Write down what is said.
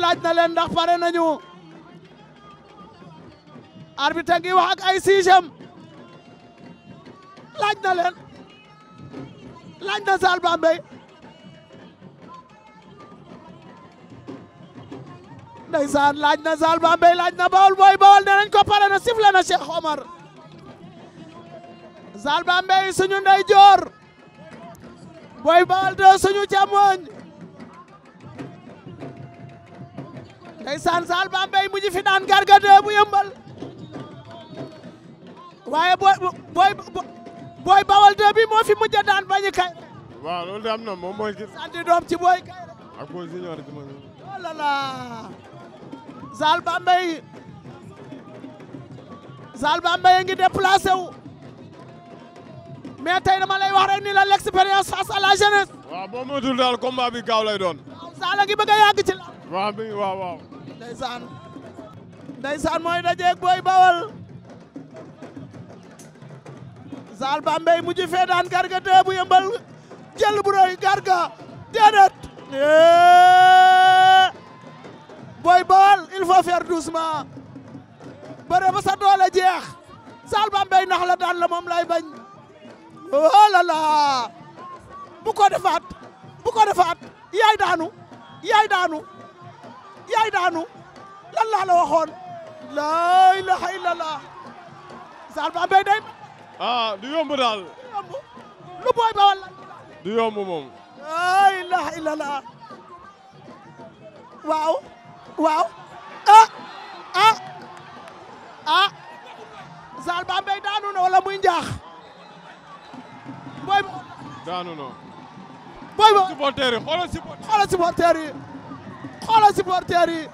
laaj na leen ndax pare nañu arbitre ngi wax ay sixième laaj na leen laaj na Saal Bambey ndeysaan laaj na Saal Bambey laaj na Bawol Boy Bawol nee ko pare na sifle na Cheikh Omar Saal Bambey suñu ndeyjoor Boy Bawol de suñu càmmoñ ndeysaan Saal Bambey mu fi daan Garga 2 bu waaye booy booy booy bawal 2 moo fi mujj daan bañu kay. waaw loolu de am na moom mooy. sant doom ci booy kay rek. ak booy oh Bambey Saal ngi déplacé wu. tey dama lay wax la l' expérience face la jeunesse. waaw boo moytuwul daal combat bi gaaw lay doon. waaw a ngi bëgg a yàgg ci la. maa bi waaw waaw. ndeysaan ndeysaan mooy dajeeg booy bawal. Zal Bambey mujj fee daan Garga tee bu yëmbal jël bu rëy Garga déedéet. booy bawal il faut faire doucement. bëre ba sa doole jeex. Zal Bambey nax la daan la moom lay bañ. oh la la bu ko defaat bu ko daanu yaay daanu. yaay daanu lan laa la waxoon laa ilaha illallah saal ba mbay day ah du yomb daal du yomb lu booy ba walla du yomb moom laa ilaha illallah waaw waaw ah ah ah saal ba mbay daanu na wala muy njaax booy daanu na booy ba supporter yi xoolal supporter yi xoolal supporters yi